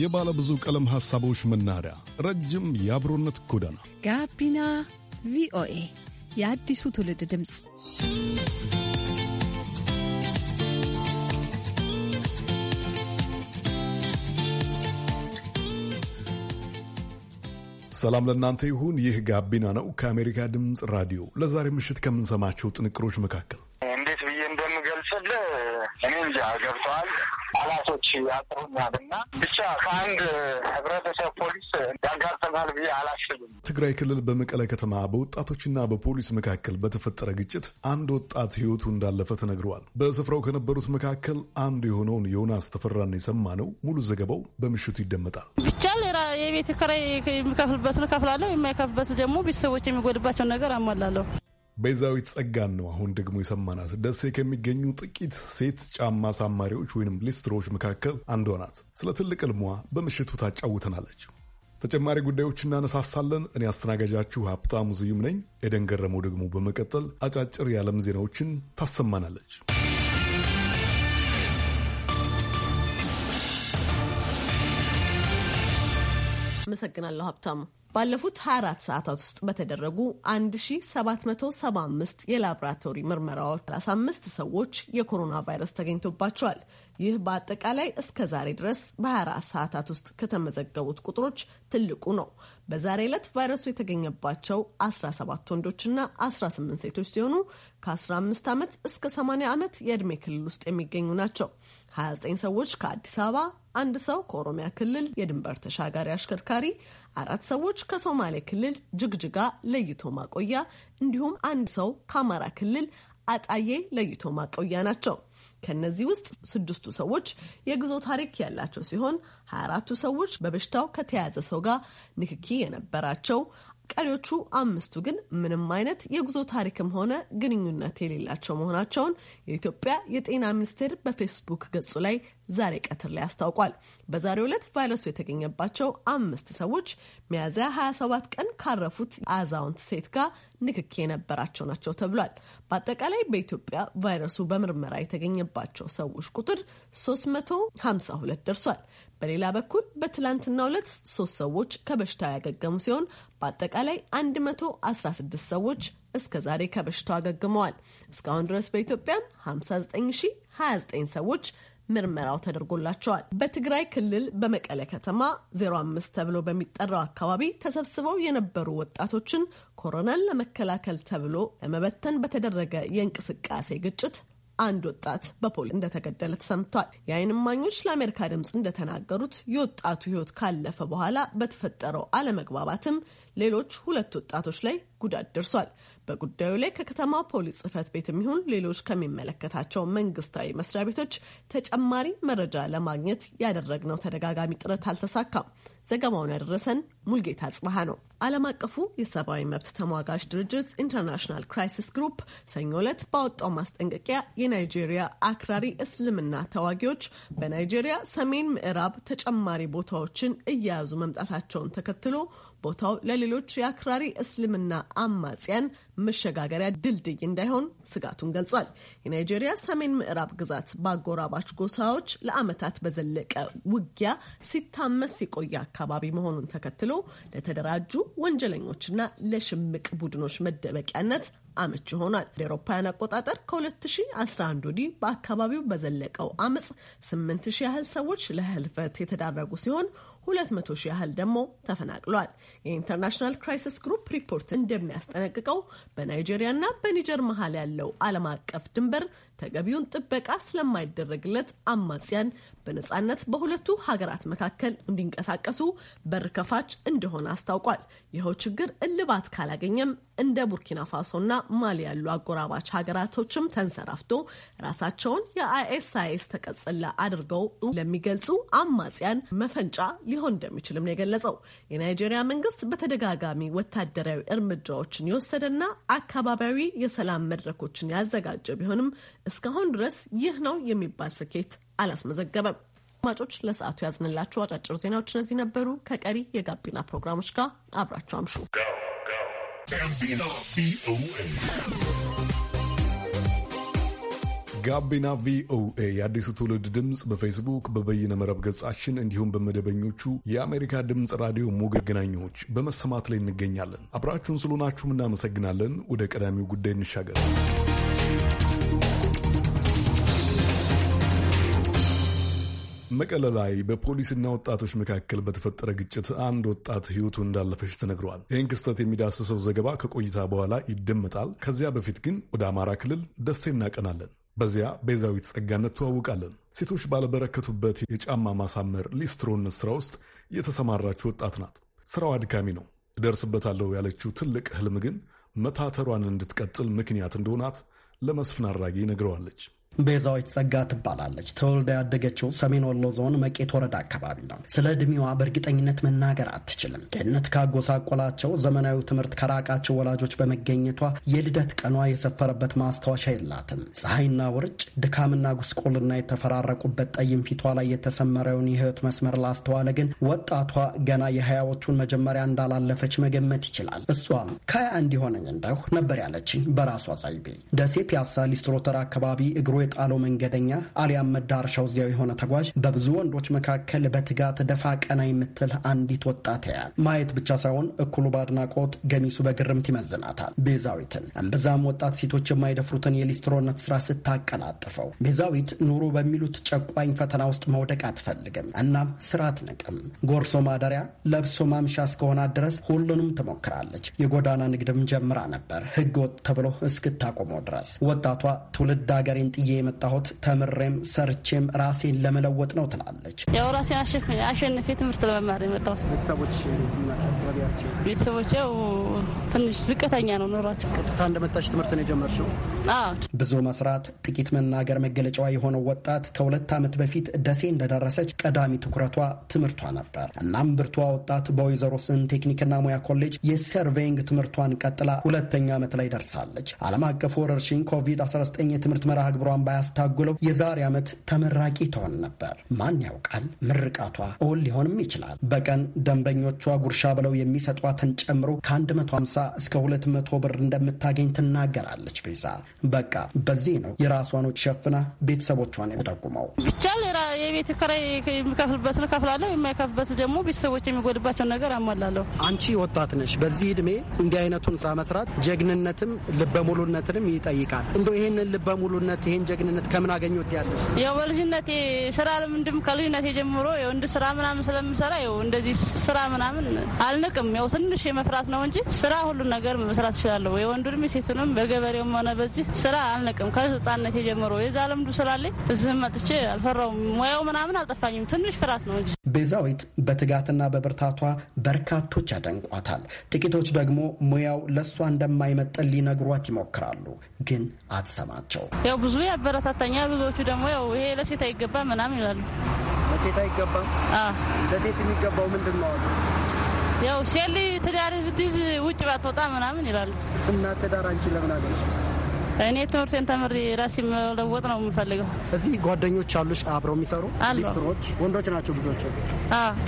የባለ ብዙ ቀለም ሐሳቦች መናኸሪያ፣ ረጅም የአብሮነት ጎዳና ጋቢና ቪኦኤ የአዲሱ ትውልድ ድምፅ። ሰላም ለእናንተ ይሁን። ይህ ጋቢና ነው ከአሜሪካ ድምፅ ራዲዮ። ለዛሬ ምሽት ከምንሰማቸው ጥንቅሮች መካከል ብዙዎች ያጥሩኛል እና ብቻ ከአንድ ህብረተሰብ ፖሊስ ያጋጥማል ብዬ አላስብም። ትግራይ ክልል በመቀለ ከተማ በወጣቶችና በፖሊስ መካከል በተፈጠረ ግጭት አንድ ወጣት ህይወቱ እንዳለፈ ተነግረዋል። በስፍራው ከነበሩት መካከል አንዱ የሆነውን ዮናስ ተፈራን የሰማ ነው። ሙሉ ዘገባው በምሽቱ ይደመጣል። ብቻ የቤት ኪራይ የሚከፍልበትን እከፍላለሁ፣ የማይከፍልበት ደግሞ ቤተሰቦች የሚጎድባቸውን ነገር አሟላለሁ። ቤዛዊት ጸጋን ነው አሁን ደግሞ የሰማናት። ደሴ ከሚገኙ ጥቂት ሴት ጫማ ሳማሪዎች ወይም ሊስትሮች መካከል አንዷ ናት። ስለ ትልቅ ሕልሟ በምሽቱ ታጫውተናለች። ተጨማሪ ጉዳዮች እናነሳሳለን። እኔ አስተናጋጃችሁ ሀብታሙ ዝዩም ነኝ። ኤደን ገረመው ደግሞ በመቀጠል አጫጭር የዓለም ዜናዎችን ታሰማናለች። አመሰግናለሁ ሀብታሙ። ባለፉት 24 ሰዓታት ውስጥ በተደረጉ 1775 የላብራቶሪ ምርመራዎች 35 ሰዎች የኮሮና ቫይረስ ተገኝቶባቸዋል። ይህ በአጠቃላይ እስከ ዛሬ ድረስ በ24 ሰዓታት ውስጥ ከተመዘገቡት ቁጥሮች ትልቁ ነው። በዛሬ ዕለት ቫይረሱ የተገኘባቸው 17 ወንዶችና 18 ሴቶች ሲሆኑ ከ15 ዓመት እስከ 80 ዓመት የዕድሜ ክልል ውስጥ የሚገኙ ናቸው። 29 ሰዎች ከአዲስ አበባ አንድ ሰው ከኦሮሚያ ክልል የድንበር ተሻጋሪ አሽከርካሪ፣ አራት ሰዎች ከሶማሌ ክልል ጅግጅጋ ለይቶ ማቆያ እንዲሁም አንድ ሰው ከአማራ ክልል አጣዬ ለይቶ ማቆያ ናቸው። ከእነዚህ ውስጥ ስድስቱ ሰዎች የጉዞ ታሪክ ያላቸው ሲሆን ሀያ አራቱ ሰዎች በበሽታው ከተያዘ ሰው ጋር ንክኪ የነበራቸው፣ ቀሪዎቹ አምስቱ ግን ምንም አይነት የጉዞ ታሪክም ሆነ ግንኙነት የሌላቸው መሆናቸውን የኢትዮጵያ የጤና ሚኒስቴር በፌስቡክ ገጹ ላይ ዛሬ ቀትር ላይ አስታውቋል። በዛሬው ዕለት ቫይረሱ የተገኘባቸው አምስት ሰዎች ሚያዝያ 27 ቀን ካረፉት አዛውንት ሴት ጋር ንክኪ የነበራቸው ናቸው ተብሏል። በአጠቃላይ በኢትዮጵያ ቫይረሱ በምርመራ የተገኘባቸው ሰዎች ቁጥር 352 ደርሷል። በሌላ በኩል በትላንትናው ዕለት ሶስት ሰዎች ከበሽታው ያገገሙ ሲሆን በአጠቃላይ 116 ሰዎች እስከ ዛሬ ከበሽታው አገግመዋል። እስካሁን ድረስ በኢትዮጵያም 59029 ሰዎች ምርመራው ተደርጎላቸዋል። በትግራይ ክልል በመቀለ ከተማ 05 ተብሎ በሚጠራው አካባቢ ተሰብስበው የነበሩ ወጣቶችን ኮሮናን ለመከላከል ተብሎ ለመበተን በተደረገ የእንቅስቃሴ ግጭት አንድ ወጣት በፖሊስ እንደተገደለ ተሰምቷል። የዓይን እማኞች ለአሜሪካ ድምፅ እንደተናገሩት የወጣቱ ሕይወት ካለፈ በኋላ በተፈጠረው አለመግባባትም ሌሎች ሁለት ወጣቶች ላይ ጉዳት ደርሷል። በጉዳዩ ላይ ከከተማ ፖሊስ ጽህፈት ቤት የሚሆን ሌሎች ከሚመለከታቸው መንግስታዊ መስሪያ ቤቶች ተጨማሪ መረጃ ለማግኘት ያደረግነው ተደጋጋሚ ጥረት አልተሳካም። ዘገባውን ያደረሰን ሙልጌታ ጽባሀ ነው። ዓለም አቀፉ የሰብአዊ መብት ተሟጋች ድርጅት ኢንተርናሽናል ክራይሲስ ግሩፕ ሰኞ ዕለት ባወጣው ማስጠንቀቂያ የናይጄሪያ አክራሪ እስልምና ተዋጊዎች በናይጄሪያ ሰሜን ምዕራብ ተጨማሪ ቦታዎችን እየያዙ መምጣታቸውን ተከትሎ ቦታው ለሌሎች የአክራሪ እስልምና አማጽያን መሸጋገሪያ ድልድይ እንዳይሆን ስጋቱን ገልጿል። የናይጄሪያ ሰሜን ምዕራብ ግዛት በአጎራባች ጎሳዎች ለዓመታት በዘለቀ ውጊያ ሲታመስ የቆየ አካባቢ መሆኑን ተከትሎ ለተደራጁ ወንጀለኞችና ለሽምቅ ቡድኖች መደበቂያነት አመች ይሆናል። እንደ አውሮፓውያን አቆጣጠር ከ2011 ወዲህ በአካባቢው በዘለቀው አመፅ 8 ሺህ ያህል ሰዎች ለህልፈት የተዳረጉ ሲሆን 200 ሺህ ያህል ደግሞ ተፈናቅሏል። የኢንተርናሽናል ክራይሲስ ግሩፕ ሪፖርት እንደሚያስጠነቅቀው በናይጄሪያና በኒጀር መሀል ያለው ዓለም አቀፍ ድንበር ተገቢውን ጥበቃ ስለማይደረግለት አማጽያን በነጻነት በሁለቱ ሀገራት መካከል እንዲንቀሳቀሱ በር ከፋች እንደሆነ አስታውቋል። ይኸው ችግር እልባት ካላገኘም እንደ ቡርኪና ፋሶና ማሊ ያሉ አጎራባች ሀገራቶችም ተንሰራፍቶ ራሳቸውን የአይኤስአይኤስ ተቀጽላ አድርገው ለሚገልጹ አማጽያን መፈንጫ ሊሆን እንደሚችልም ነው የገለጸው። የናይጄሪያ መንግስት በተደጋጋሚ ወታደራዊ እርምጃዎችን የወሰደና አካባቢያዊ የሰላም መድረኮችን ያዘጋጀ ቢሆንም እስካሁን ድረስ ይህ ነው የሚባል ስኬት አላስመዘገበም። አድማጮች፣ ለሰዓቱ ያዝንላችሁ አጫጭር ዜናዎች እነዚህ ነበሩ። ከቀሪ የጋቢና ፕሮግራሞች ጋር አብራችሁ አምሹ። ጋቢና ቪኦኤ የአዲሱ ትውልድ ድምፅ በፌስቡክ በበይነ መረብ ገጻችን እንዲሁም በመደበኞቹ የአሜሪካ ድምፅ ራዲዮ ሞገድ መገናኛዎች በመሰማት ላይ እንገኛለን። አብራችሁን ስለሆናችሁም እናመሰግናለን። ወደ ቀዳሚው ጉዳይ እንሻገር። መቀለ ላይ በፖሊስና ወጣቶች መካከል በተፈጠረ ግጭት አንድ ወጣት ሕይወቱ እንዳለፈች ተነግሯል። ይህን ክስተት የሚዳስሰው ዘገባ ከቆይታ በኋላ ይደመጣል። ከዚያ በፊት ግን ወደ አማራ ክልል ደሴ እናቀናለን። በዚያ ቤዛዊት ጸጋነት ትዋውቃለን። ሴቶች ባለበረከቱበት የጫማ ማሳመር ሊስትሮነት ስራ ውስጥ የተሰማራች ወጣት ናት። ስራው አድካሚ ነው፣ እደርስበታለሁ ያለችው ትልቅ ህልም ግን መታተሯን እንድትቀጥል ምክንያት እንደሆናት ለመስፍን አራጌ ነግረዋለች። ቤዛዎች ጸጋ ትባላለች። ተወልዳ ያደገችው ሰሜን ወሎ ዞን መቄት ወረዳ አካባቢ ነው። ስለ ዕድሜዋ በእርግጠኝነት መናገር አትችልም። ድህነት ካጎሳቆላቸው፣ ዘመናዊ ትምህርት ከራቃቸው ወላጆች በመገኘቷ የልደት ቀኗ የሰፈረበት ማስታወሻ የላትም። ፀሐይና ውርጭ፣ ድካምና ጉስቁልና የተፈራረቁበት ጠይም ፊቷ ላይ የተሰመረውን የህይወት መስመር ላስተዋለ ግን ወጣቷ ገና የሀያዎቹን መጀመሪያ እንዳላለፈች መገመት ይችላል። እሷም ከሀያ እንዲሆነኝ እንደሁ ነበር ያለችኝ በራሷ ዘይቤ። ደሴ ፒያሳ ሊስትሮተር አካባቢ እግሮ የጣለው መንገደኛ አሊያም መዳረሻው እዚያው የሆነ ተጓዥ በብዙ ወንዶች መካከል በትጋት ደፋ ቀና የምትል አንዲት ወጣት ያል ማየት ብቻ ሳይሆን እኩሉ በአድናቆት ገሚሱ በግርምት ይመዝናታል። ቤዛዊትን እምብዛም ወጣት ሴቶች የማይደፍሩትን የሊስትሮነት ስራ ስታቀላጥፈው፣ ቤዛዊት ኑሮ በሚሉት ጨቋኝ ፈተና ውስጥ መውደቅ አትፈልግም። እናም ስራ አትንቅም። ጎርሶ ማደሪያ ለብሶ ማምሻ እስከሆናት ድረስ ሁሉንም ትሞክራለች። የጎዳና ንግድም ጀምራ ነበር፣ ህገ ወጥ ተብሎ እስክታቆመው ድረስ። ወጣቷ ትውልድ ሀገሬን ጥዬ የመጣሁት ተምሬም ሰርቼም ራሴን ለመለወጥ ነው ትላለች። ያው ራሴን አሸንፌ ትምህርት ለመማር የመጣሁት ቤተሰቦች ያው ትንሽ ዝቅተኛ ነው ኑሯቸው። ቀጥታ እንደመጣች ትምህርት ነው የጀመርሽው? ብዙ መስራት ጥቂት መናገር መገለጫዋ የሆነው ወጣት ከሁለት ዓመት በፊት ደሴ እንደደረሰች ቀዳሚ ትኩረቷ ትምህርቷ ነበር። እናም ብርቷ ወጣት በወይዘሮ ስን ቴክኒክና ሙያ ኮሌጅ የሰርቬይንግ ትምህርቷን ቀጥላ ሁለተኛ ዓመት ላይ ደርሳለች። ዓለም አቀፍ ወረርሽኝ ኮቪድ-19 የትምህርት መርሃ ግብሯን ባያስታጉለው የዛሬ ዓመት ተመራቂ ትሆን ነበር። ማን ያውቃል? ምርቃቷ እውን ሊሆንም ይችላል። በቀን ደንበኞቿ ጉርሻ ብለው የሚሰጧትን ጨምሮ ከ150 እስከ 200 ብር እንደምታገኝ ትናገራለች። ቤዛ በቃ በዚህ ነው የራሷን ሸፍና ቤተሰቦቿን የምትደጉመው። ብቻ የቤት ኪራይ የሚከፍልበትን ከፍላለሁ፣ የማይከፍልበት ደግሞ ቤተሰቦች የሚጎድባቸውን ነገር አሟላለሁ። አንቺ ወጣት ነሽ። በዚህ እድሜ እንዲህ አይነቱን ስራ መስራት ጀግንነትም ልበሙሉነትንም ይጠይቃል። እንደ ይህንን ልበሙሉነት ይህን ጀግንነት ከምን አገኘት ያለሽ? ያው በልጅነቴ ስራ ልምንድም ከልጅነቴ ጀምሮ የወንድ ስራ ምናምን ስለምሰራ ያው እንደዚህ ስራ ምናምን አልንቅም። ያው ትንሽ የመፍራት ነው እንጂ ስራ ሁሉን ነገር መስራት እችላለሁ። የወንዱንም የሴቱንም በገበሬውም ሆነ በዚህ ስራ አልንቅም። ከህፃንነቴ ጀምሮ የዛ ልምዱ ስላለኝ እዚህ መጥቼ አልፈራውም። ሙያው ምናምን አልጠፋኝም። ትንሽ ፍራት ነው እንጂ። ቤዛዊት በትጋትና በብርታቷ በርካቶች ያደንቋታል። ጥቂቶች ደግሞ ሙያው ለእሷ እንደማይመጠን ሊነግሯት ይሞክራሉ፣ ግን አትሰማቸው። ያው ብዙ ያበረታታኛል። ብዙዎቹ ደግሞ ያው ይሄ ለሴት አይገባ ምናምን ይላሉ። ለሴት አይገባ ለሴት የሚገባው ምንድን ነው ያው ሴት ትዳር ብትይዝ ውጭ ባትወጣ ምናምን ይላሉ። እና ትዳር አንቺ ለምን አገኘሽ? እኔ ትምህርቴን ተምሬ ራሴ መለወጥ ነው የምፈልገው። እዚህ ጓደኞች አሉሽ አብረው የሚሰሩ ሊስትሮች ወንዶች ናቸው ብዙዎች።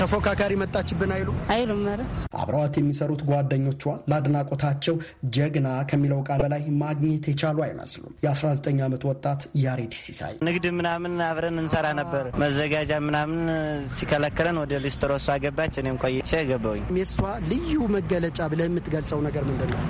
ተፎካካሪ መጣችብን አይሉ አይሉም። ኧረ አብረዋት የሚሰሩት ጓደኞቿ ለአድናቆታቸው ጀግና ከሚለው ቃል በላይ ማግኘት የቻሉ አይመስሉም። የ19 ዓመት ወጣት ያሬድ ሲሳይ ንግድ ምናምን አብረን እንሰራ ነበር። መዘጋጃ ምናምን ሲከለክለን ወደ ሊስትሮ እሷ ገባች፣ እኔም ቆይ ገባሁኝ። የእሷ ልዩ መገለጫ ብለህ የምትገልጸው ነገር ምንድን ነው?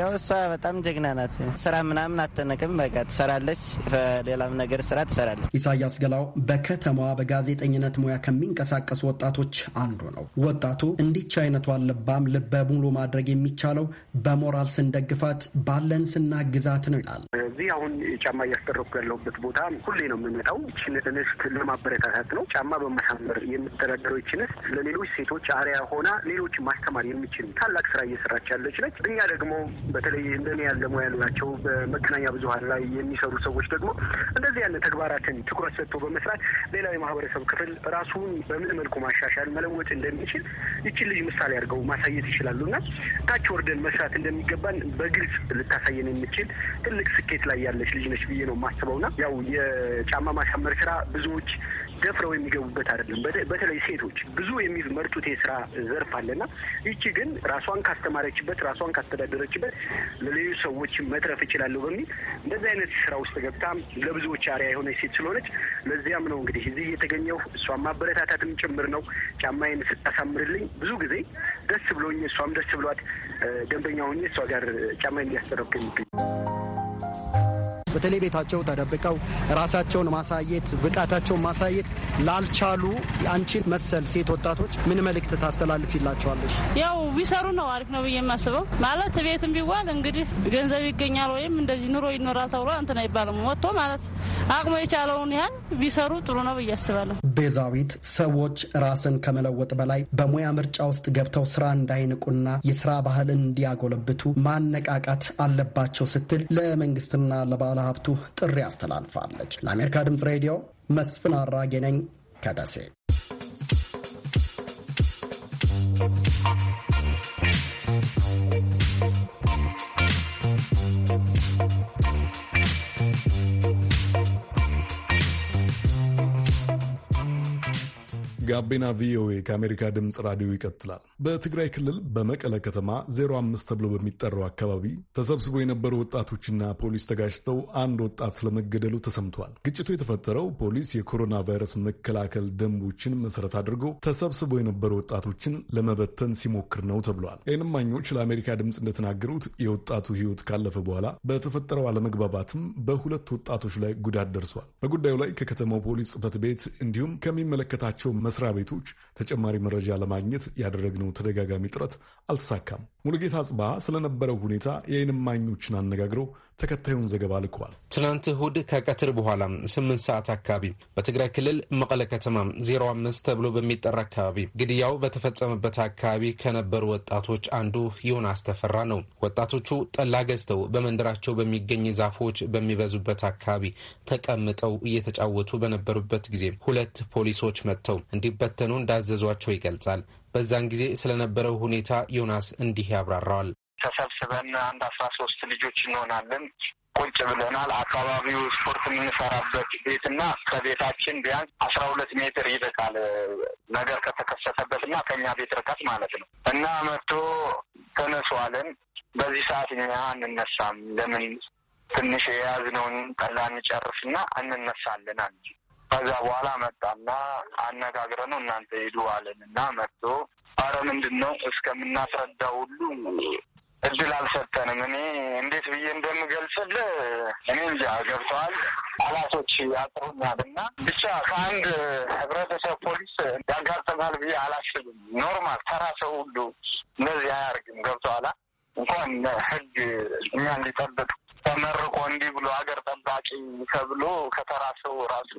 ያው እሷ በጣም ጀግና ናት። ስራ ምናምን አሁን አተነቅም በቃ ትሰራለች። በሌላም ነገር ስራ ትሰራለች። ኢሳያስ ገላው በከተማዋ በጋዜጠኝነት ሙያ ከሚንቀሳቀሱ ወጣቶች አንዱ ነው። ወጣቱ እንዲች አይነቷን ልባም ልበ ሙሉ ማድረግ የሚቻለው በሞራል ስንደግፋት ባለን ስናግዛት ነው ይላል። እዚህ አሁን ጫማ እያስጠረኩ ያለሁበት ቦታ ሁሌ ነው የምመጣው። ይችን እንስት ለማበረታታት ነው። ጫማ በማሳመር የምተዳደረው ይችን ለሌሎች ሴቶች አርያ ሆና ሌሎች ማስተማር የሚችል ታላቅ ስራ እየሰራች ያለች ነች። እኛ ደግሞ በተለይ እንደኔ ያለ ሙያ ያላቸው በመ መገናኛ ብዙኃን ላይ የሚሰሩ ሰዎች ደግሞ እንደዚህ ያለ ተግባራትን ትኩረት ሰጥቶ በመስራት ሌላው የማህበረሰብ ክፍል ራሱን በምን መልኩ ማሻሻል መለወጥ እንደሚችል ይችን ልጅ ምሳሌ አድርገው ማሳየት ይችላሉ እና ታች ወርደን መስራት እንደሚገባን በግልጽ ልታሳየን የምችል ትልቅ ስኬት ላይ ያለች ልጅ ነች ብዬ ነው የማስበው። ና ያው የጫማ ማሳመር ስራ ብዙዎች ደፍረው የሚገቡበት አይደለም። በተለይ ሴቶች ብዙ የሚመርጡት የስራ ዘርፍ አለና ይቺ ግን ራሷን ካስተማረችበት፣ ራሷን ካስተዳደረችበት ለሌሎች ሰዎች መትረፍ እችላለሁ በሚል እንደዚህ አይነት ስራ ውስጥ ገብታ ለብዙዎች አሪያ የሆነች ሴት ስለሆነች ለዚያም ነው እንግዲህ እዚህ የተገኘው እሷን ማበረታታትም ጭምር ነው። ጫማዬን ስታሳምርልኝ ብዙ ጊዜ ደስ ብሎኝ እሷም ደስ ብሏት ደንበኛ ሆኜ እሷ ጋር ጫማዬን እያሰረብኩ የሚገኝ በተለይ ቤታቸው ተደብቀው ራሳቸውን ማሳየት ብቃታቸውን ማሳየት ላልቻሉ አንቺን መሰል ሴት ወጣቶች ምን መልእክት ታስተላልፊላቸዋለች? ያው ቢሰሩ ነው አሪፍ ነው ብዬ የማስበው። ማለት ቤትም ቢዋል እንግዲህ ገንዘብ ይገኛል ወይም እንደዚህ ኑሮ ይኖራል ተብሎ እንትን አይባልም። ወጥቶ ማለት አቅሞ የቻለውን ያህል ቢሰሩ ጥሩ ነው ብዬ አስባለሁ። ቤዛዊት ሰዎች ራስን ከመለወጥ በላይ በሙያ ምርጫ ውስጥ ገብተው ስራ እንዳይንቁና የስራ ባህል እንዲያጎለብቱ ማነቃቃት አለባቸው ስትል ለመንግስትና ለባለ ባለሀብቱ ጥሪ አስተላልፋለች። ለአሜሪካ ድምፅ ሬዲዮ መስፍን አራጌ ነኝ ከደሴ ጋቢና ቪኦኤ ከአሜሪካ ድምፅ ራዲዮ ይቀጥላል። በትግራይ ክልል በመቀለ ከተማ 05 ተብሎ በሚጠራው አካባቢ ተሰብስበው የነበሩ ወጣቶችና ፖሊስ ተጋጭተው አንድ ወጣት ስለመገደሉ ተሰምቷል። ግጭቱ የተፈጠረው ፖሊስ የኮሮና ቫይረስ መከላከል ደንቦችን መሰረት አድርጎ ተሰብስበው የነበሩ ወጣቶችን ለመበተን ሲሞክር ነው ተብሏል። ዓይን ለአሜሪካ ድምፅ እንደተናገሩት የወጣቱ ሕይወት ካለፈ በኋላ በተፈጠረው አለመግባባትም በሁለት ወጣቶች ላይ ጉዳት ደርሷል። በጉዳዩ ላይ ከከተማው ፖሊስ ጽፈት ቤት እንዲሁም ከሚመለከታቸው መስ መስሪያ ቤቶች ተጨማሪ መረጃ ለማግኘት ያደረግነው ተደጋጋሚ ጥረት አልተሳካም። ሙሉጌታ ጽባ ስለነበረው ሁኔታ የዓይን እማኞችን አነጋግረው ተከታዩን ዘገባ ልከዋል። ትናንት እሁድ ከቀትር በኋላ ስምንት ሰዓት አካባቢ በትግራይ ክልል መቀለ ከተማ 05 ተብሎ በሚጠራ አካባቢ ግድያው በተፈጸመበት አካባቢ ከነበሩ ወጣቶች አንዱ ይሁን አስተፈራ ነው። ወጣቶቹ ጠላ ገዝተው በመንደራቸው በሚገኝ ዛፎች በሚበዙበት አካባቢ ተቀምጠው እየተጫወቱ በነበሩበት ጊዜ ሁለት ፖሊሶች መጥተው እንዲበተኑ እንዳዘዟቸው ይገልጻል። በዛን ጊዜ ስለነበረው ሁኔታ ዮናስ እንዲህ ያብራራዋል። ተሰብስበን አንድ አስራ ሶስት ልጆች እንሆናለን። ቁጭ ብለናል። አካባቢው ስፖርት የምንሰራበት ቤትና እስከ ከቤታችን ቢያንስ አስራ ሁለት ሜትር ይርቃል። ነገር ከተከሰተበትና ከኛ ቤት ርቀት ማለት ነው እና መጥቶ ተነሷለን። በዚህ ሰዓት እኛ እንነሳም ለምን ትንሽ የያዝነውን ጠላ እንጨርስና እንነሳለን። አንቺ ከዛ በኋላ መጣና አነጋግረ ነው እናንተ ሄዱ አለን እና መጥቶ አረ ምንድን ነው እስከምናስረዳ ሁሉ እድል አልሰጠንም። እኔ እንዴት ብዬ እንደምገልጽል እኔ እንጃ ገብተዋል አላቶች ያጥሩኛል እና ብቻ ከአንድ ህብረተሰብ ፖሊስ ያጋጥማል ብዬ አላስብም። ኖርማል ተራ ሰው ሁሉ እንደዚህ አያርግም። ገብተዋላ እንኳን ህግ እኛ እንዲጠብቅ ተመርቆ እንዲህ ብሎ ሀገር ጠባቂ ተብሎ ከተራ ሰው ራሱ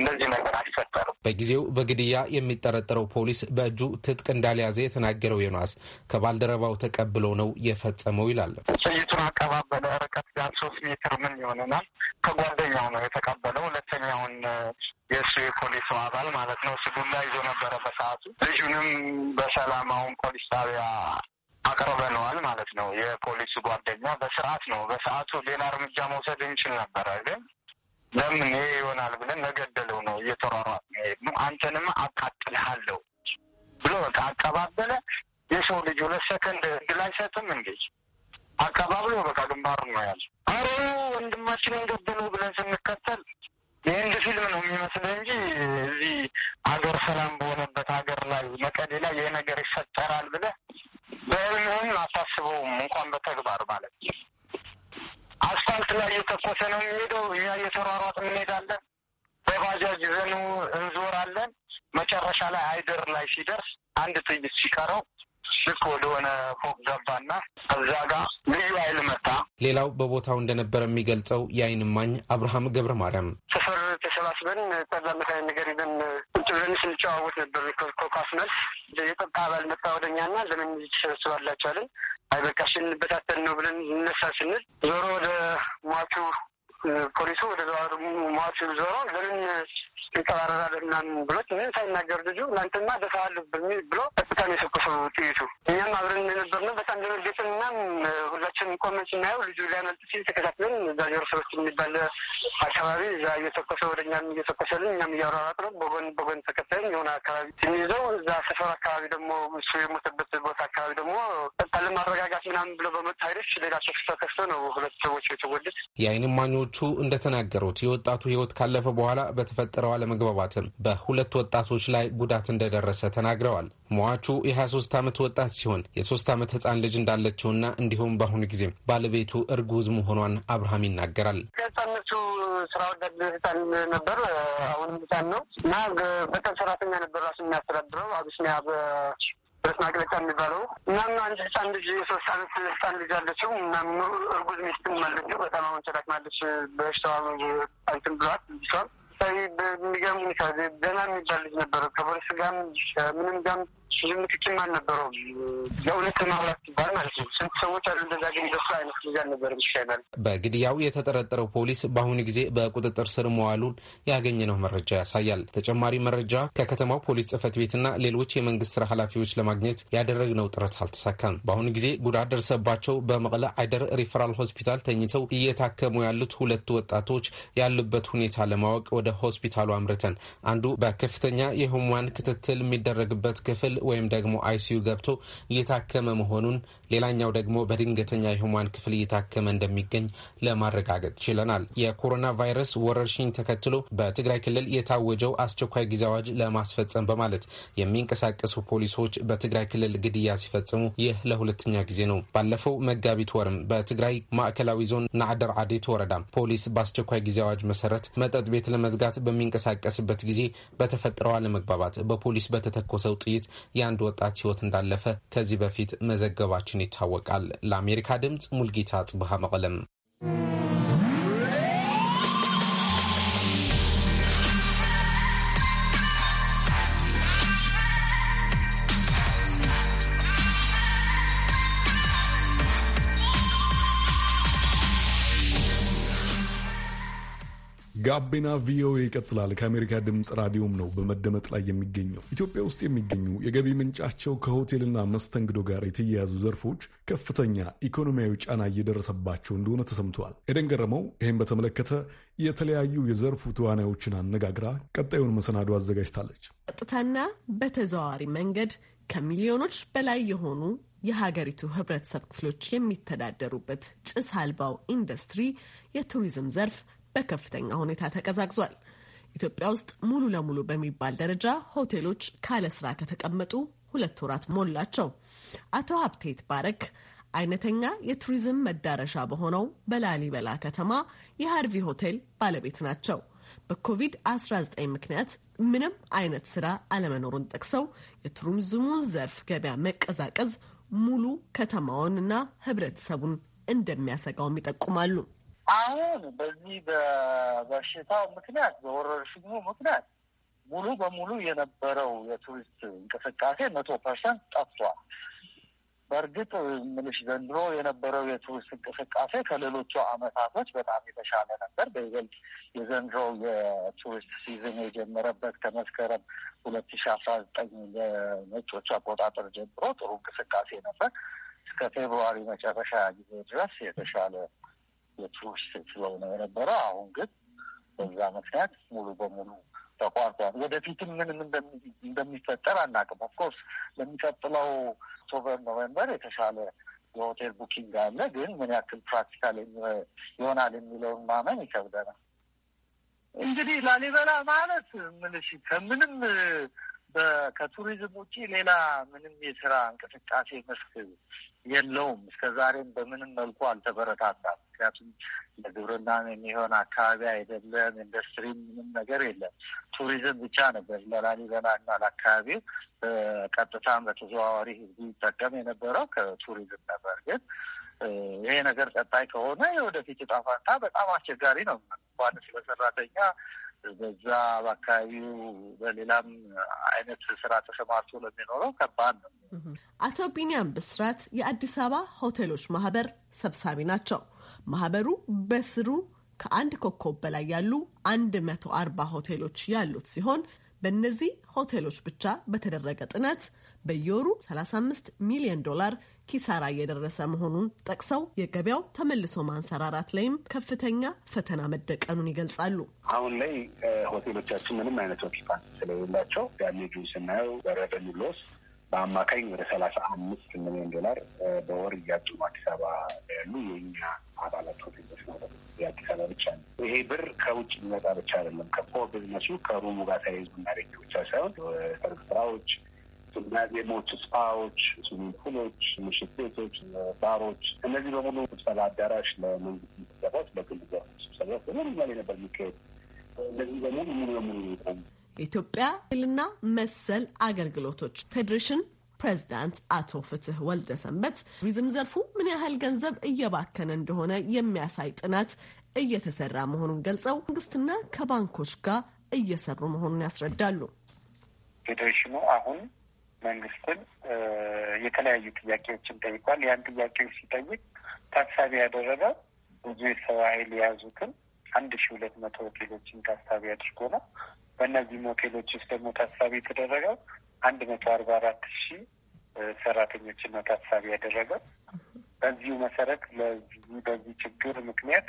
እንደዚህ ነገር አይፈጠርም። በጊዜው በግድያ የሚጠረጠረው ፖሊስ በእጁ ትጥቅ እንዳልያዘ የተናገረው ዮናስ ከባልደረባው ተቀብሎ ነው የፈጸመው ይላል። ጥይቱን አቀባበለ። ርቀት ጋር ሶስት ሜትር ምን ይሆነናል። ከጓደኛው ነው የተቀበለው። ሁለተኛውን የእሱ የፖሊሱ አባል ማለት ነው። እሱ ዱላ ይዞ ነበረ በሰዓቱ። ልጁንም በሰላም አሁን ፖሊስ ጣቢያ አቅርበነዋል ማለት ነው። የፖሊሱ ጓደኛ በስርዓት ነው በሰዓቱ ሌላ እርምጃ መውሰድ እንችል ነበረ፣ ግን ለምን ይሄ ይሆናል ብለን ነገደለው ነው እየተሯሯጥ ነው። አንተንም አቃጥልሃለሁ ብሎ በቃ አቀባበለ። የሰው ልጅ ሁለት ሰከንድ እድል አይሰጥም እንዴ? አቀባብሎ በቃ ግንባሩ ነው ያለ። አረ ወንድማችንን ገደሉ ብለን ስንከተል የህንድ ፊልም ነው የሚመስለ እንጂ እዚህ አገር ሰላም በሆነበት ሀገር ላይ መቀሌ ላይ ይሄ ነገር ይፈጠራል ብለ በሁሉም አሳስበውም እንኳን በተግባር ማለት አስፋልት ላይ እየተኮሰ ነው የሚሄደው። እኛ እየተሯሯጥ እንሄዳለን። በባጃጅ ዘኑ እንዞራለን። መጨረሻ ላይ አይደር ላይ ሲደርስ አንድ ትይት ሲቀረው ወደ ሆነ ፎቅ ገባና እዛ ጋር ልዩ ኃይል መታ። ሌላው በቦታው እንደነበረ የሚገልጸው የአይን እማኝ አብርሃም ገብረ ማርያም ሰፈር ተሰባስበን ጠዛመታዊ ነገር ይዘን ቁጭ ብለን ስንጨዋወት ነበር። ኮካስ መልስ የጸጥታ አባል መጣ ወደኛና ለምን ተሰበስባላቸዋለን? አይ በቃ እንበታተን ነው ብለን እንነሳ ስንል ዞሮ ወደ ሟቹ ፖሊሱ ወደ ሟቹ ዞሮ ለምን ይንጠባረራል ምናምን ብሎ ምን ሳይናገር ልጁ እናንተማ ደሳሉ በሚል ብሎ በስታን ነው የሰኮሰው ጥይቱ። እኛም አብረን እንደነበር ነው በጣም ደነገጥን። እናም ሁላችን ቆመን ስናየው ልጁ ሊያመልጥ ሲል ተከታትለን እዛ ዜሮ ሰዎች የሚባል አካባቢ እዛ እየተኮሰ ወደ እኛም እየተኮሰልን እኛም እያሯሯጥ ነው በጎን በጎን ተከታይም የሆነ አካባቢ ስንይዘው እዛ ሰፈር አካባቢ ደግሞ እሱ የሞተበት ቦታ አካባቢ ደግሞ ጠጣ ለማረጋጋት ምናምን ብሎ በመጡ ኃይሎች ሌላ ሰው ተከስቶ ነው ሁለት ሰዎች የተጎዱት። የአይን እማኞቹ እንደተናገሩት የወጣቱ ህይወት ካለፈ በኋላ በተፈጠረዋል አለመግባባትም በሁለት ወጣቶች ላይ ጉዳት እንደደረሰ ተናግረዋል። ሟቹ የ23 ዓመት ወጣት ሲሆን የሶስት ዓመት ህፃን ልጅ እንዳለችውና እንዲሁም በአሁኑ ጊዜም ባለቤቱ እርጉዝ መሆኗን አብርሃም ይናገራል። ከህፃነቱ ስራ ወዳድ ህፃን ነበር። አሁን ህፃን ነው እና በቀን ሰራተኛ ነበር ራሱ የሚያስተዳድረው አቢሲኒያ ብረት ማቅለጫ የሚባለው እናም አንድ ህፃን ልጅ የሶስት አመት ህፃን ልጅ አለችው። እናም እርጉዝ ሚስትም አለችው። በጣም አሁን ተዳክማለች። በሽታዋ አንትን ብሏት ልጅቷል ሳይ በሚገርም ሁኔታ ደህና የሚባል ልጅ ነበረ ከፖሊስ ጋር ምንም ጋም ይህም ምትክም አልነበረውም። ለእውነት ለማውራት ሲባል ማለት ነው። ስንት ሰዎች አሉ እንደዛ፣ ግን በሱ አይነት ጊዜ አልነበረም። ይሻላል። በግድያው የተጠረጠረው ፖሊስ በአሁኑ ጊዜ በቁጥጥር ስር መዋሉን ያገኘነው መረጃ ያሳያል። ተጨማሪ መረጃ ከከተማው ፖሊስ ጽህፈት ቤትና ሌሎች የመንግስት ስራ ኃላፊዎች ለማግኘት ያደረግነው ጥረት አልተሳካም። በአሁኑ ጊዜ ጉዳት ደርሰባቸው በመቀለ አይደር ሪፈራል ሆስፒታል ተኝተው እየታከሙ ያሉት ሁለቱ ወጣቶች ያሉበት ሁኔታ ለማወቅ ወደ ሆስፒታሉ አምርተን አንዱ በከፍተኛ የህሙማን ክትትል የሚደረግበት ክፍል ወይም ደግሞ አይሲዩ ገብቶ እየታከመ መሆኑን ሌላኛው ደግሞ በድንገተኛ የህሙማን ክፍል እየታከመ እንደሚገኝ ለማረጋገጥ ችለናል። የኮሮና ቫይረስ ወረርሽኝ ተከትሎ በትግራይ ክልል የታወጀው አስቸኳይ ጊዜ አዋጅ ለማስፈጸም በማለት የሚንቀሳቀሱ ፖሊሶች በትግራይ ክልል ግድያ ሲፈጽሙ ይህ ለሁለተኛ ጊዜ ነው። ባለፈው መጋቢት ወርም በትግራይ ማዕከላዊ ዞን ናዕደር አዴት ወረዳ ፖሊስ በአስቸኳይ ጊዜ አዋጅ መሰረት መጠጥ ቤት ለመዝጋት በሚንቀሳቀስበት ጊዜ በተፈጠረው አለመግባባት በፖሊስ በተተኮሰው ጥይት የአንድ ወጣት ህይወት እንዳለፈ ከዚህ በፊት መዘገባችን ይታወቃል። ለአሜሪካ ድምፅ ሙልጌታ ጽብሃ መቀለም ጋቢና ቪኦኤ ይቀጥላል። ከአሜሪካ ድምፅ ራዲዮም ነው በመደመጥ ላይ የሚገኘው። ኢትዮጵያ ውስጥ የሚገኙ የገቢ ምንጫቸው ከሆቴልና መስተንግዶ ጋር የተያያዙ ዘርፎች ከፍተኛ ኢኮኖሚያዊ ጫና እየደረሰባቸው እንደሆነ ተሰምተዋል። ኤደን ገረመው ይህን በተመለከተ የተለያዩ የዘርፉ ተዋናዮችን አነጋግራ ቀጣዩን መሰናዶ አዘጋጅታለች። ቀጥታና በተዘዋዋሪ መንገድ ከሚሊዮኖች በላይ የሆኑ የሀገሪቱ ህብረተሰብ ክፍሎች የሚተዳደሩበት ጭስ አልባው ኢንዱስትሪ የቱሪዝም ዘርፍ በከፍተኛ ሁኔታ ተቀዛቅዟል። ኢትዮጵያ ውስጥ ሙሉ ለሙሉ በሚባል ደረጃ ሆቴሎች ካለ ስራ ከተቀመጡ ሁለት ወራት ሞላቸው። አቶ ሀብቴት ባረክ አይነተኛ የቱሪዝም መዳረሻ በሆነው በላሊበላ ከተማ የሀርቪ ሆቴል ባለቤት ናቸው። በኮቪድ-19 ምክንያት ምንም አይነት ስራ አለመኖሩን ጠቅሰው የቱሪዝሙን ዘርፍ ገበያ መቀዛቀዝ ሙሉ ከተማውንና ህብረተሰቡን እንደሚያሰጋውም ይጠቁማሉ። አሁን በዚህ በበሽታው ምክንያት በወረርሽኙ ምክንያት ሙሉ በሙሉ የነበረው የቱሪስት እንቅስቃሴ መቶ ፐርሰንት ጠፍቷል። በእርግጥ ምልሽ ዘንድሮ የነበረው የቱሪስት እንቅስቃሴ ከሌሎቹ አመታቶች በጣም የተሻለ ነበር። በይበልጥ የዘንድሮ የቱሪስት ሲዝን የጀመረበት ከመስከረም ሁለት ሺ አስራ ዘጠኝ በነጮቹ አቆጣጠር ጀምሮ ጥሩ እንቅስቃሴ ነበር። እስከ ፌብሩዋሪ መጨረሻ ጊዜ ድረስ የተሻለ የቱሪስት ነው የነበረው አሁን ግን በዛ ምክንያት ሙሉ በሙሉ ተቋርጧል። ወደፊትም ምንም እንደሚፈጠር አናውቅም። ኦፍኮርስ ለሚቀጥለው ኦክቶበር፣ ኖቬምበር የተሻለ የሆቴል ቡኪንግ አለ። ግን ምን ያክል ፕራክቲካል ይሆናል የሚለውን ማመን ይከብደናል። እንግዲህ ላሊበላ ማለት ምልሽ ከምንም ከቱሪዝም ውጪ ሌላ ምንም የስራ እንቅስቃሴ መስክ የለውም። እስከ ዛሬም በምንም መልኩ አልተበረታታም። ምክንያቱም ለግብርና የሚሆን አካባቢ አይደለም። ኢንዱስትሪ ምንም ነገር የለም። ቱሪዝም ብቻ ነበር ለላሊበላ እና ለአካባቢው ቀጥታም በተዘዋዋሪ ህዝቡ ይጠቀም የነበረው ከቱሪዝም ነበር። ግን ይሄ ነገር ቀጣይ ከሆነ የወደፊት ዕጣ ፈንታ በጣም አስቸጋሪ ነው። ስለ ሰራተኛ በዛ በአካባቢው በሌላም አይነት ስራ ተሰማርቶ ለሚኖረው ከባድ ነው። አቶ ቢኒያም ብስራት የአዲስ አበባ ሆቴሎች ማህበር ሰብሳቢ ናቸው። ማህበሩ በስሩ ከአንድ ኮከብ በላይ ያሉ 140 ሆቴሎች ያሉት ሲሆን በእነዚህ ሆቴሎች ብቻ በተደረገ ጥናት በየወሩ 35 ሚሊዮን ዶላር ኪሳራ እየደረሰ መሆኑን ጠቅሰው የገበያው ተመልሶ ማንሰራራት ላይም ከፍተኛ ፈተና መደቀኑን ይገልጻሉ። አሁን ላይ ሆቴሎቻችን ምንም አይነት ኦኪፓንስ ስለሌላቸው ዳሜጁን ስናየው በረቨኒ ሎስ በአማካኝ ወደ ሰላሳ አምስት ሚሊዮን ዶላር በወር እያጡ አዲስ አበባ ያሉ የኛ አባላት ሆቴሎች ማለት ነው። የአዲስ አበባ ብቻ ነው። ይሄ ብር ከውጭ የሚመጣ ብቻ አይደለም። ከኮር ቢዝነሱ ከሩሙ ጋር ተያይዙ እናገኘው ብቻ ሳይሆን ሰርግ ስራዎች፣ ሞች፣ ስፓዎች፣ ስዊሚንግ ፑሎች፣ ምሽት ቤቶች፣ ባሮች፣ እነዚህ በሙሉ ስብሰባ አዳራሽ፣ ለመንግስት ስብሰባዎች፣ ለግል ዘርፍ ስብሰባዎች በሙሉ ላይ ነበር የሚካሄድ። እነዚህ በሙሉ ሙሉ በሙሉ የኢትዮጵያ ህልና መሰል አገልግሎቶች ፌዴሬሽን ፕሬዝዳንት አቶ ፍትህ ወልደ ሰንበት ቱሪዝም ዘርፉ ምን ያህል ገንዘብ እየባከነ እንደሆነ የሚያሳይ ጥናት እየተሰራ መሆኑን ገልጸው መንግስትና ከባንኮች ጋር እየሰሩ መሆኑን ያስረዳሉ። ፌዴሬሽኑ አሁን መንግስትን የተለያዩ ጥያቄዎችን ጠይቋል። ያን ጥያቄዎች ሲጠይቅ ታሳቢ ያደረገ ብዙ የሰው ኃይል የያዙትን አንድ ሺ ሁለት መቶ ሆቴሎችን ታሳቢ አድርጎ ነው። በእነዚህም ሆቴሎች ውስጥ ደግሞ ታሳቢ የተደረገው አንድ መቶ አርባ አራት ሺ ሰራተኞችን ነው ታሳቢ ያደረገው። በዚሁ መሰረት በዚህ ችግር ምክንያት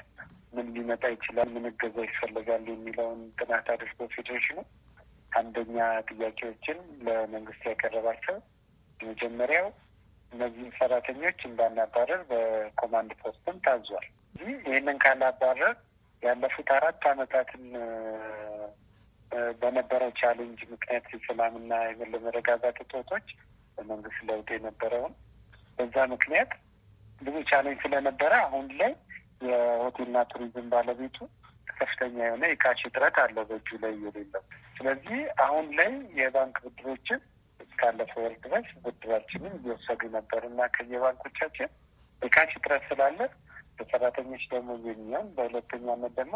ምን ሊመጣ ይችላል፣ ምን እገዛ ይፈልጋል የሚለውን ጥናት አድርጎ ፌዴሬሽኑ አንደኛ ጥያቄዎችን ለመንግስት ያቀረባቸው የመጀመሪያው እነዚህን ሰራተኞች እንዳናባረር በኮማንድ ፖስትም ታዟል። ይህንን ካላባረር ያለፉት አራት አመታትን በነበረው ቻሌንጅ ምክንያት የሰላምና የመለ መረጋጋት እጦቶች በመንግስት ለውጥ የነበረውን በዛ ምክንያት ብዙ ቻሌንጅ ስለነበረ አሁን ላይ የሆቴልና ቱሪዝም ባለቤቱ ከፍተኛ የሆነ የካሽ እጥረት አለ በእጁ ላይ የሌለው። ስለዚህ አሁን ላይ የባንክ ብድሮችን እስካለፈው ወር ድረስ ብድራችንን እየወሰዱ ነበር እና ከየባንኮቻችን የካሽ እጥረት ስላለ በሰራተኞች ደግሞ የሚሆን በሁለተኛ በሁለተኛነት ደግሞ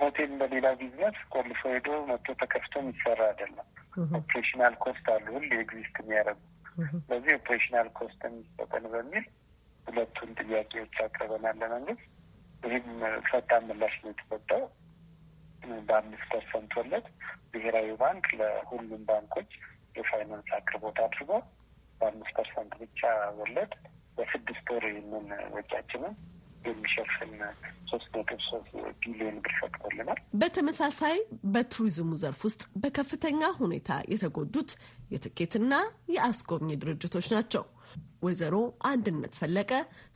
ሆቴል በሌላ ቢዝነስ ቆልፎ ሄዶ መጥቶ ተከፍቶ የሚሰራ አይደለም። ኦፕሬሽናል ኮስት አሉ ሁሉ ኤግዚስት የሚያደርጉ ስለዚህ ኦፕሬሽናል ኮስት የሚሰጠን በሚል ሁለቱን ጥያቄዎች አቅርበናል ለመንግስት። ይህም ፈጣን ምላሽ ነው የተሰጠው። በአምስት ፐርሰንት ወለድ ብሔራዊ ባንክ ለሁሉም ባንኮች የፋይናንስ አቅርቦት አድርጎ በአምስት ፐርሰንት ብቻ ወለድ በስድስት ወር ይህንን ወጪያችንን የሚሸፍን ሶስት ነጥብ ሶስት ቢሊዮን ብር ፈቅዶልናል። በተመሳሳይ በቱሪዝሙ ዘርፍ ውስጥ በከፍተኛ ሁኔታ የተጎዱት የትኬትና የአስጎብኝ ድርጅቶች ናቸው። ወይዘሮ አንድነት ፈለቀ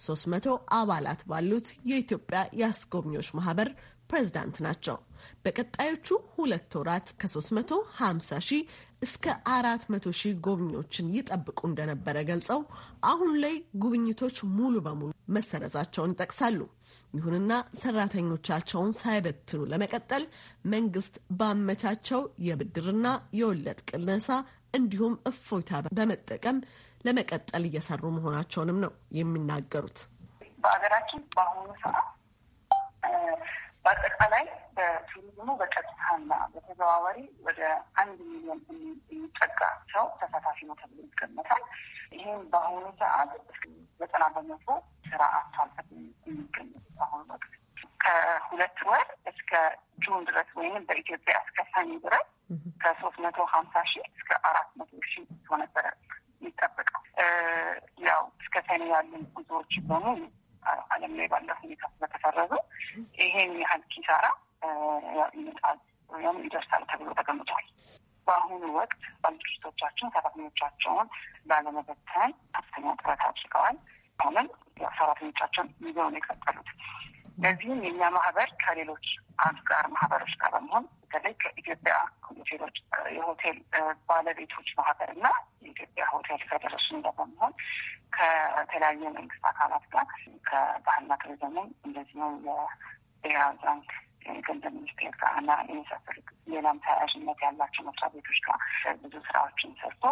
ሶስት መቶ አባላት ባሉት የኢትዮጵያ የአስጎብኚዎች ማህበር ፕሬዝዳንት ናቸው። በቀጣዮቹ ሁለት ወራት ከ350 ሺህ እስከ አራት መቶ ሺህ ጎብኚዎችን ይጠብቁ እንደነበረ ገልጸው አሁን ላይ ጉብኝቶች ሙሉ በሙሉ መሰረዛቸውን ይጠቅሳሉ። ይሁንና ሰራተኞቻቸውን ሳይበትኑ ለመቀጠል መንግስት ባመቻቸው የብድርና የወለድ ቅነሳ እንዲሁም እፎይታ በመጠቀም ለመቀጠል እየሰሩ መሆናቸውንም ነው የሚናገሩት። በሀገራችን በአሁኑ ሰዓት በአጠቃላይ በቱሪዝሙ በቀጥታና በተዘዋዋሪ ወደ አንድ ሚሊዮን የሚጠጋ ሰው ተሳታፊ ነው ተብሎ ይገመታል። ይህም በአሁኑ ሰዓት ዘጠና በመቶ ስራ አጥቷል ተብሎ በአሁኑ ወቅት ከሁለት ወር እስከ ጁን ድረስ ወይም በኢትዮጵያ እስከ ሰኔ ድረስ ከሶስት መቶ ሀምሳ ሺህ እስከ አራት መቶ ሺህ ሰው ነበረ የሚጠበቀው። ያው እስከ ሰኔ ያሉ ጉዞዎች በሙሉ ዓለም ላይ ባለው ሁኔታ ስለተሰረዘ ይሄን ያህል ኪሳራ ይመጣል ወይም ይደርሳል ተብሎ ተገምቷል። በአሁኑ ወቅት ባለድርጅቶቻችን ሰራተኞቻቸውን ላለመበተን ከፍተኛ ጥረት አድርገዋል። አሁንም ሰራተኞቻቸውን ይዘውን የቀጠሉት ለዚህም የኛ ማህበር ከሌሎች አጋር ማህበሮች ጋር በመሆን በተለይ ከኢትዮጵያ ሆቴሎች የሆቴል ባለቤቶች ማህበር እና የኢትዮጵያ ሆቴል ፌዴሬሽን ጋር በመሆን ከተለያዩ የመንግስት አካላት ጋር ከባህልና ቱሪዝምም እንደዚሁም የብሔራዊ ባንክ ገንዘብ ሚኒስቴር ጋር እና የመሳሰሉ ሌላም ተያያዥነት ያላቸው መስሪያ ቤቶች ጋር ብዙ ስራዎችን ሰርቶ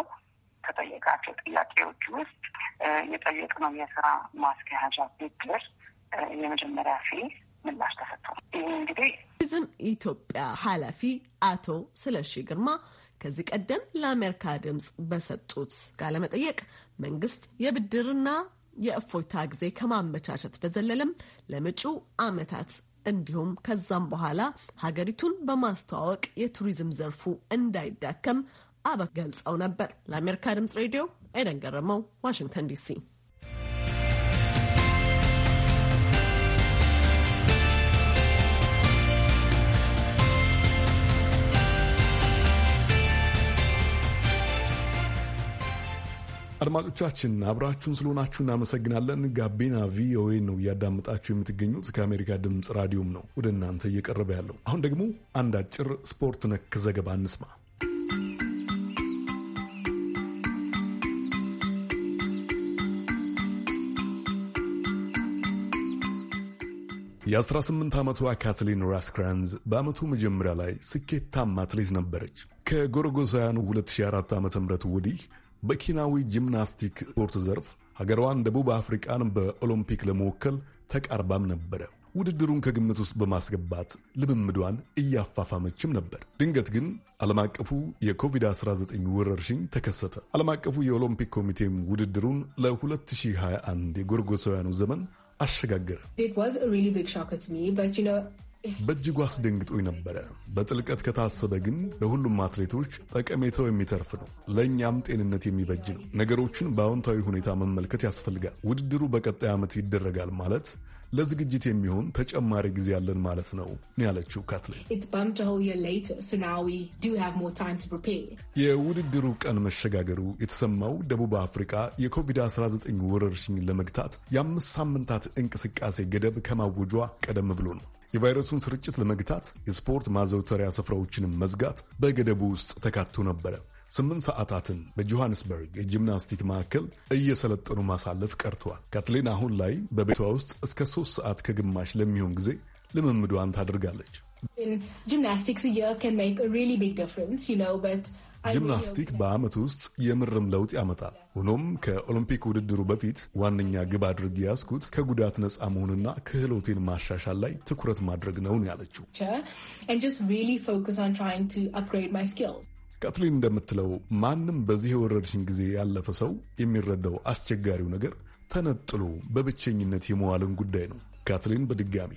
ከጠየቃቸው ጥያቄዎች ውስጥ የጠየቅነው የስራ ማስኪያዣ ብድር የመጀመሪያ ፌዝ ምላሽ ተሰጥቷል። ይህ እንግዲህ ቱሪዝም ኢትዮጵያ ኃላፊ አቶ ስለሺ ግርማ ከዚህ ቀደም ለአሜሪካ ድምፅ በሰጡት ቃለመጠየቅ መንግስት የብድርና የእፎይታ ጊዜ ከማመቻቸት በዘለለም ለመጪው ዓመታት እንዲሁም ከዛም በኋላ ሀገሪቱን በማስተዋወቅ የቱሪዝም ዘርፉ እንዳይዳከም አበ ገልጸው ነበር። ለአሜሪካ ድምፅ ሬዲዮ ኤደን ገረመው፣ ዋሽንግተን ዲሲ አድማጮቻችን አብራችሁን ስለሆናችሁ እናመሰግናለን። ጋቢና ቪኦኤ ነው እያዳመጣችሁ የምትገኙት። ከአሜሪካ ድምፅ ራዲዮም ነው ወደ እናንተ እየቀረበ ያለው። አሁን ደግሞ አንድ አጭር ስፖርት ነክ ዘገባ እንስማ። የ18 ዓመቷ ካትሊን ራስክራንዝ በዓመቱ መጀመሪያ ላይ ስኬታማ አትሌት ነበረች። ከጎረጎሳውያኑ 2004 ዓ ም ወዲህ በኪናዊ ጂምናስቲክ ስፖርት ዘርፍ ሀገሯን ደቡብ አፍሪቃን በኦሎምፒክ ለመወከል ተቃርባም ነበረ። ውድድሩን ከግምት ውስጥ በማስገባት ልምምዷን እያፋፋመችም ነበር። ድንገት ግን ዓለም አቀፉ የኮቪድ-19 ወረርሽኝ ተከሰተ። ዓለም አቀፉ የኦሎምፒክ ኮሚቴም ውድድሩን ለ2021 የጎርጎሳውያኑ ዘመን አሸጋገረ። በእጅጉ አስደንግጦኝ ነበረ። በጥልቀት ከታሰበ ግን ለሁሉም አትሌቶች ጠቀሜታው የሚተርፍ ነው፣ ለእኛም ጤንነት የሚበጅ ነው። ነገሮችን በአዎንታዊ ሁኔታ መመልከት ያስፈልጋል። ውድድሩ በቀጣይ ዓመት ይደረጋል ማለት ለዝግጅት የሚሆን ተጨማሪ ጊዜ ያለን ማለት ነው ያለችው ካትሊን። የውድድሩ ቀን መሸጋገሩ የተሰማው ደቡብ አፍሪካ የኮቪድ-19 ወረርሽኝ ለመግታት የአምስት ሳምንታት እንቅስቃሴ ገደብ ከማወጇ ቀደም ብሎ ነው። የቫይረሱን ስርጭት ለመግታት የስፖርት ማዘውተሪያ ስፍራዎችንም መዝጋት በገደቡ ውስጥ ተካቶ ነበረ። ስምንት ሰዓታትን በጆሃንስበርግ የጂምናስቲክ ማዕከል እየሰለጠኑ ማሳለፍ ቀርተዋል። ካትሊን አሁን ላይ በቤቷ ውስጥ እስከ ሶስት ሰዓት ከግማሽ ለሚሆን ጊዜ ልምምዷን ታደርጋለች። ጂምናስቲክ በዓመት ውስጥ የምርም ለውጥ ያመጣል። ሆኖም ከኦሎምፒክ ውድድሩ በፊት ዋነኛ ግብ አድርጌ ያስኩት ከጉዳት ነፃ መሆንና ክህሎቴን ማሻሻል ላይ ትኩረት ማድረግ ነው ያለችው ቀትሊን እንደምትለው ማንም በዚህ የወረርሽኝ ጊዜ ያለፈ ሰው የሚረዳው አስቸጋሪው ነገር ተነጥሎ በብቸኝነት የመዋልን ጉዳይ ነው። ካትሊን በድጋሚ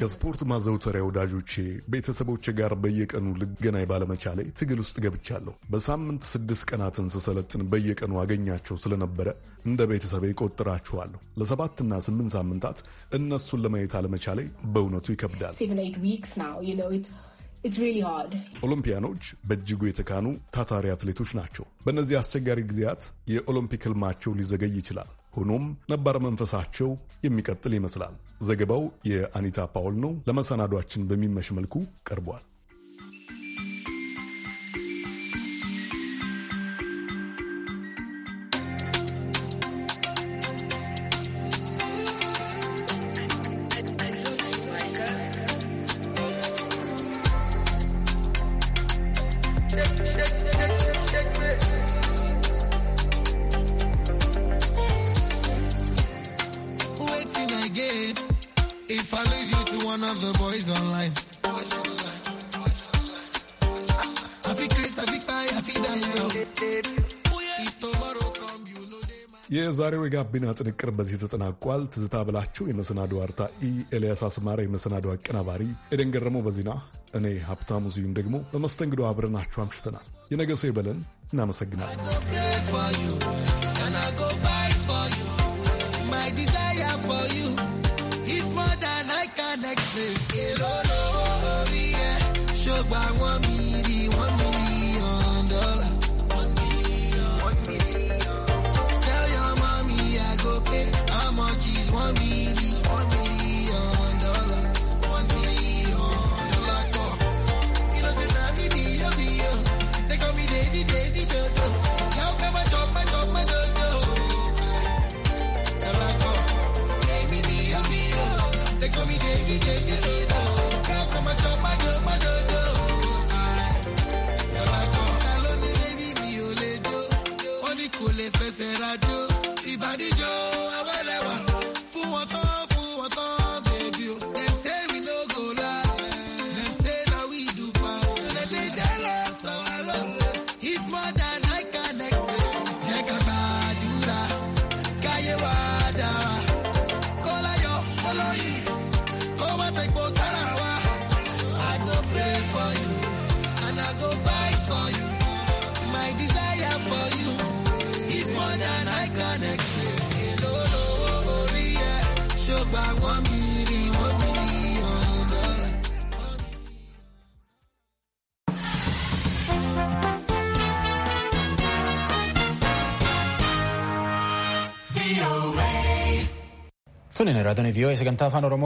ከስፖርት ማዘውተሪያ ወዳጆቼ፣ ቤተሰቦቼ ጋር በየቀኑ ልገናኝ ባለመቻሌ ትግል ውስጥ ገብቻለሁ። በሳምንት ስድስት ቀናትን ስሰለጥን በየቀኑ አገኛቸው ስለነበረ እንደ ቤተሰቤ ቆጥራችኋለሁ። ለሰባትና ስምንት ሳምንታት እነሱን ለማየት አለመቻሌ በእውነቱ ይከብዳል። ኦሎምፒያኖች በእጅጉ የተካኑ ታታሪ አትሌቶች ናቸው። በእነዚህ አስቸጋሪ ጊዜያት የኦሎምፒክ ህልማቸው ሊዘገይ ይችላል። ሆኖም ነባር መንፈሳቸው የሚቀጥል ይመስላል። ዘገባው የአኒታ ፓውል ነው። ለመሰናዷችን በሚመሽ መልኩ ቀርቧል። የዛሬው የጋቢና ጥንቅር በዚህ ተጠናቋል። ትዝታ ብላችሁ የመሰናዶ አርታኢ፣ ኤልያስ አስማረ የመሰናዶ አቀናባሪ፣ ኤደን ገረመው በዜና እኔ ሀብታሙ ዚዩም ደግሞ በመስተንግዶ አብረናችሁ አምሽተናል። የነገ ሰው ይበለን። እናመሰግናለን። yeah, yeah, Donizio, ese cantazo Noromo.